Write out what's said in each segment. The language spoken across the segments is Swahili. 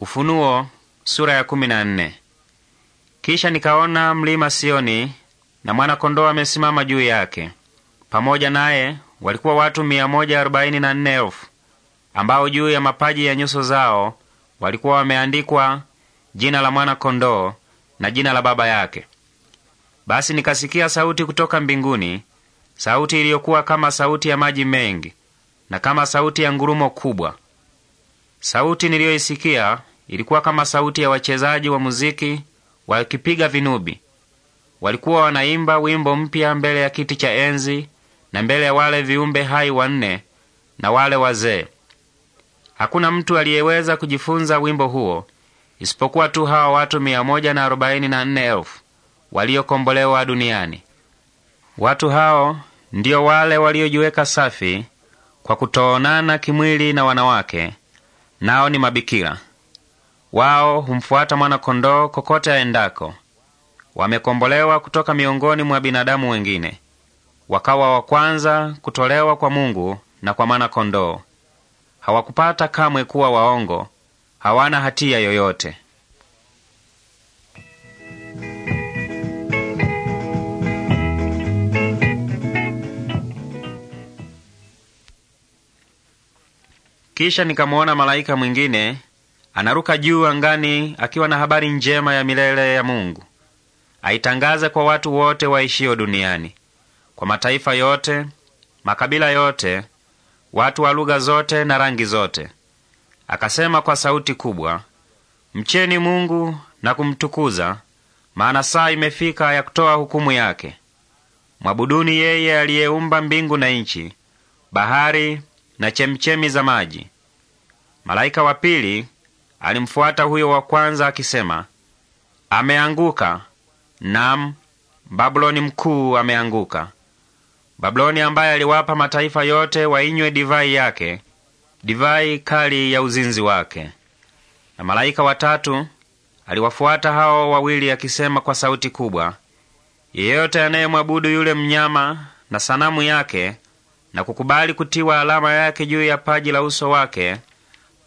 Ufunuo sura ya kumi na nne. Kisha nikaona mlima Sioni na mwana-kondoo amesimama juu yake. Pamoja naye walikuwa watu mia moja arobaini na nne elfu ambao juu ya mapaji ya nyuso zao walikuwa wameandikwa jina la mwana-kondoo na jina la Baba yake. Basi nikasikia sauti kutoka mbinguni, sauti iliyokuwa kama sauti ya maji mengi na kama sauti ya ngurumo kubwa. Sauti niliyoisikia ilikuwa kama sauti ya wachezaji wa muziki wakipiga vinubi. Walikuwa wanaimba wimbo mpya mbele ya kiti cha enzi na mbele ya wale viumbe hai wanne na wale wazee. Hakuna mtu aliyeweza kujifunza wimbo huo isipokuwa tu hawa watu mia moja na arobaini na nne elfu waliokombolewa duniani. Watu hao ndio wale waliojiweka safi kwa kutoonana kimwili na wanawake nao ni mabikira. Wao humfuata mwana-kondoo kokote aendako. Wamekombolewa kutoka miongoni mwa binadamu wengine, wakawa wa kwanza kutolewa kwa Mungu na kwa mwana-kondoo. Hawakupata kamwe kuwa waongo, hawana hatia yoyote. Kisha nikamuona malaika mwingine anaruka juu angani akiwa na habari njema ya milele ya Mungu, aitangaze kwa watu wote waishio duniani, kwa mataifa yote, makabila yote, watu wa lugha zote na rangi zote. Akasema kwa sauti kubwa, mcheni Mungu na kumtukuza, maana saa imefika ya kutoa hukumu yake. Mwabuduni yeye aliyeumba mbingu na nchi, bahari na chemchemi za maji. Malaika wa pili alimfuata huyo wa kwanza akisema, ameanguka, nam Babuloni mkuu ameanguka, Babuloni ambaye aliwapa mataifa yote wainywe divai yake, divai kali ya uzinzi wake. Na malaika watatu aliwafuata hao wawili akisema kwa sauti kubwa, yeyote anayemwabudu yule mnyama na sanamu yake na kukubali kutiwa alama yake juu ya paji la uso wake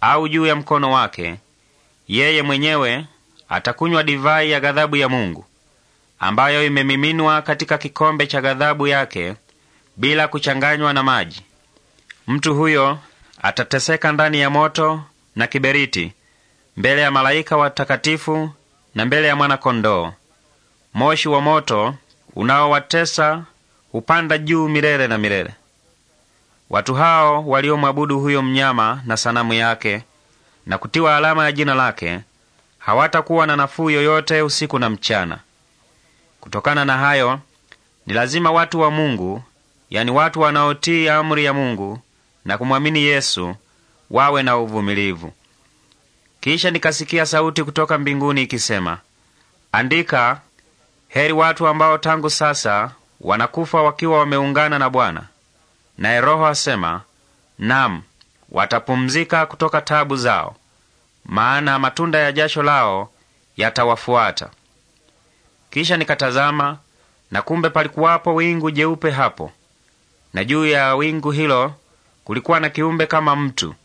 au juu ya mkono wake, yeye mwenyewe atakunywa divai ya ghadhabu ya Mungu ambayo imemiminwa katika kikombe cha ghadhabu yake bila kuchanganywa na maji. Mtu huyo atateseka ndani ya moto na kiberiti mbele ya malaika watakatifu na mbele ya mwanakondoo. Moshi wa moto unaowatesa hupanda juu milele na milele. Watu hao waliomwabudu huyo mnyama na sanamu yake na kutiwa alama ya jina lake hawatakuwa na nafuu yoyote usiku na mchana. Kutokana na hayo, ni lazima watu wa Mungu, yani watu wanaotii amri ya Mungu na kumwamini Yesu, wawe na uvumilivu. Kisha nikasikia sauti kutoka mbinguni ikisema, andika, heri watu ambao tangu sasa wanakufa wakiwa wameungana na Bwana. Naye Roho asema, nam, watapumzika kutoka tabu zao, maana matunda ya jasho lao yatawafuata. Kisha nikatazama, na kumbe palikuwapo wingu jeupe hapo, na juu ya wingu hilo kulikuwa na kiumbe kama mtu.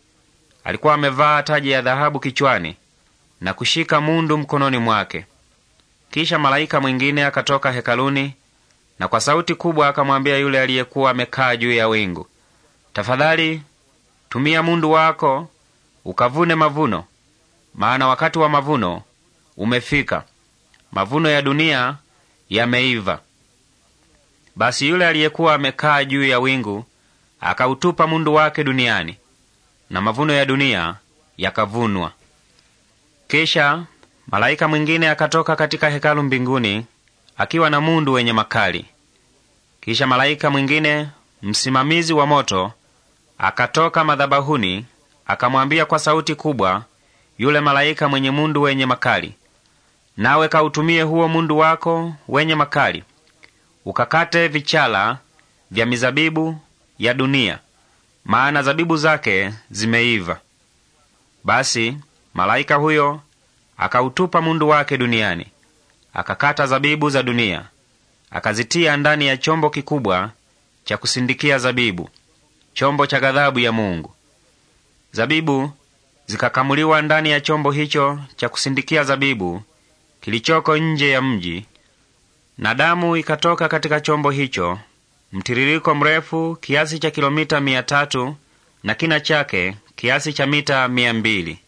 Alikuwa amevaa taji ya dhahabu kichwani na kushika mundu mkononi mwake. Kisha malaika mwingine akatoka hekaluni na kwa sauti kubwa akamwambia yule aliyekuwa amekaa juu ya wingu, tafadhali tumia mundu wako ukavune mavuno, maana wakati wa mavuno umefika, mavuno ya dunia yameiva. Basi yule aliyekuwa amekaa juu ya wingu akautupa mundu wake duniani, na mavuno ya dunia yakavunwa. Kisha malaika mwingine akatoka katika hekalu mbinguni akiwa na mundu wenye makali, kisha malaika mwingine, msimamizi wa moto, akatoka madhabahuni, akamwambia kwa sauti kubwa yule malaika mwenye mundu wenye makali, nawe kautumie huo mundu wako wenye makali, ukakate vichala vya mizabibu ya dunia, maana zabibu zake zimeiva. Basi malaika huyo akautupa mundu wake duniani, akakata zabibu za dunia akazitia ndani ya chombo kikubwa cha kusindikia zabibu, chombo cha ghadhabu ya Mungu. Zabibu zikakamuliwa ndani ya chombo hicho cha kusindikia zabibu kilichoko nje ya mji, na damu ikatoka katika chombo hicho, mtiririko mrefu kiasi cha kilomita mia tatu na kina chake kiasi cha mita mia mbili.